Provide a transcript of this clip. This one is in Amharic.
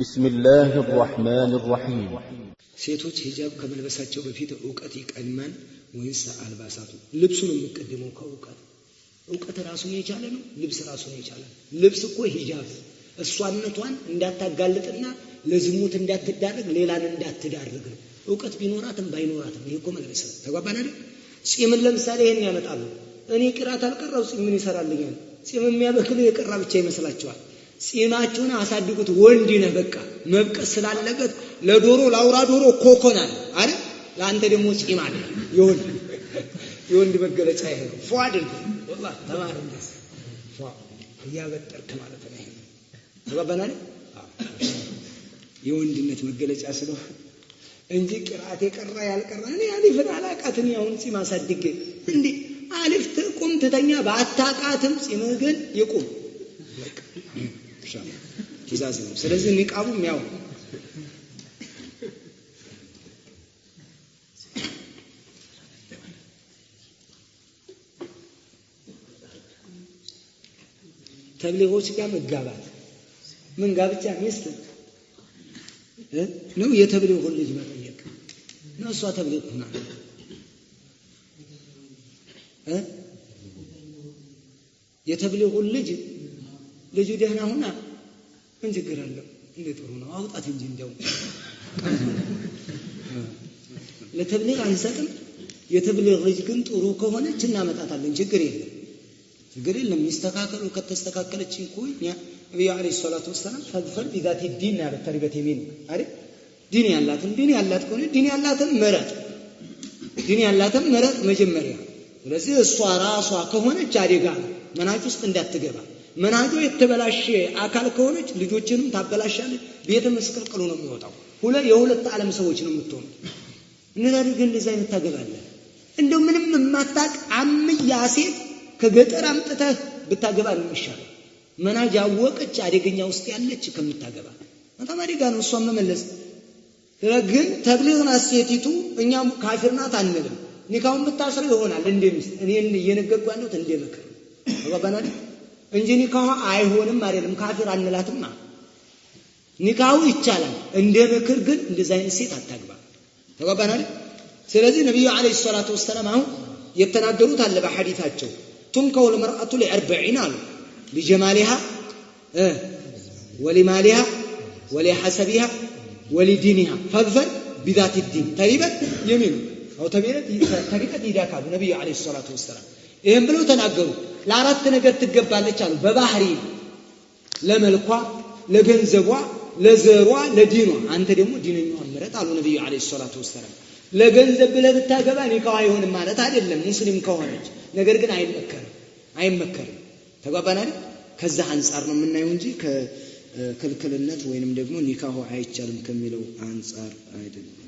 ቢስሚላህ ራሕማን ራሒም ሴቶች ሂጃብ ከመልበሳቸው በፊት እውቀት ይቀድማል ወይስ አልባሳቱ? ልብሱን ነው ከእውቀት እውቀት ራሱን የቻለ ነው። ልብስ ራሱን የቻለ ልብስ እኮ ሂጃብ እሷነቷን እንዳታጋልጥና ለዝሙት እንዳትዳረግ ሌላን እንዳትዳርግ ነው። እውቀት ቢኖራትም ባይኖራትም ይሄ እኮ መልበስ ነው። ጺምን ለምሳሌ ይሄን ያመጣሉ። እኔ ቅራት አልቀረው ጺም ምን ይሰራልኛል? ጺም የሚያበክል የቀራ ብቻ ይመስላቸዋል። ጺማችሁን አሳድጉት። ወንድ ነህ በቃ መብቀስ ስላለበት ለዶሮ ለአውራ ዶሮ ኮኮናል አይደል? ለአንተ ደግሞ ጺም አለ። ይሁን የወንድ መገለጫ ይሄ ነው። ፏ አድርግ ወላሂ ተማር። እንደዚህ ፏ እያበጠርክ ማለት ነው። ይሄ ተባባናል። የወንድነት መገለጫ ስለሆነ እንጂ ቅርአት የቀራ ያልቀራ እኔ አሊፍን አላቃትን ያሁን ጺም አሳድጌ እንዴ አሊፍ ትቁም ትተኛ በአታቃትም ጺምህ ግን ይቁም። ውሻ ትእዛዝ ነው። ስለዚህ ያው ጋር መጋባት ምን ጋብቻ ሚስት ነው የተብሌውን ልጅ መጠየቅ ነው። እሷ ተብሌ ሁና የተብሌውን ልጅ ልጁ ደህና ሁና ምን ችግር አለው? እንዴ ጥሩ ነው። አውጣት እንጂ እንደው ለተብሊግ አንሰጥም። የተብሊግ ልጅ ግን ጥሩ ከሆነች እናመጣታለን። ችግር የለም፣ ችግር የለም። ሚስተካከሉ ከተስተካከለች እኮ ነቢዩ ዓለይሂ ሰላቱ ወሰላም ፈዝፈር ቢዛቲ ዲን ያለት ተሪበት የሚል አይደል? ዲን ያላትን ዲን ያላት ከሆነ ዲን ያላትን ምረጥ፣ ዲን ያላትን ምረጥ መጀመሪያ። ስለዚህ እሷ ራሷ ከሆነች አደጋ ነው፣ መናጭ ውስጥ እንዳትገባ መናህዶ የተበላሸ አካል ከሆነች ልጆችንም ታበላሻለች። ቤተ መስቀልቅሉ ነው የሚወጣው። ሁለ የሁለት ዓለም ሰዎች ነው የምትሆኑት። እንታድርግ እንደዚህ አይነት ታገባለህ። እንደው ምንም የማታቅ አምያ ሴት ከገጠር አምጥተህ ብታገባ ነው የሚሻለው። መናጅ አወቀች አደገኛ ውስጥ ያለች ከምታገባ በጣም አደጋ ነው እሷን መመለስ። ግን ተብሊግና ናት ሴቲቱ፣ እኛም ካፊር ናት አንልም። ኒካውን ብታስረው ይሆናል እንደ ሚስት እኔ እየነገርኩ ያለሁት እንደ ምክር ተባባናል። እንጂ ኒካሁ አይሆንም አይደለም፣ ካፊር አንላትም። ኒካሁ ይቻላል። እንደ ምክር ግን እንደዚህ አይነት ሴት አታግባ። ተጓባናል። ስለዚህ ነቢዩ ዓለይሂ ሰላቱ ወሰላም አሁን የተናገሩት አለ በሐዲታቸው ቱንከውል መርአቱ ሊዕርበዒን አሉ ሊጀማሊሃ ወሊማሊሃ ወሊሐሰቢሃ ወሊዲኒሃ ፈዘን ቢዛት ዲን ተሪበት የሚሉ ተሪበት ይዳ ካሉ ነቢዩ ዓለይሂ ሰላቱ ወሰላም ይህም ብለው ተናገሩ። ለአራት ነገር ትገባለች አሉ። በባህሪ ለመልኳ፣ ለገንዘቧ፣ ለዘሯ፣ ለዲኗ። አንተ ደግሞ ዲነኛዋን ምረጥ አሉ ነቢዩ ዓለይሂ ሰላቱ ወሰላም። ለገንዘብ ብለህ ብታገባ ኒካዋ አይሆንም ማለት አይደለም ሙስሊም ከሆነች ነገር ግን አይመከርም አይመከርም። ተጓባን አይደል? ከዛ አንጻር ነው የምናየው እንጂ ከክልክልነት ወይንም ደግሞ ኒካሁ አይቻልም ከሚለው አንጻር አይደለም።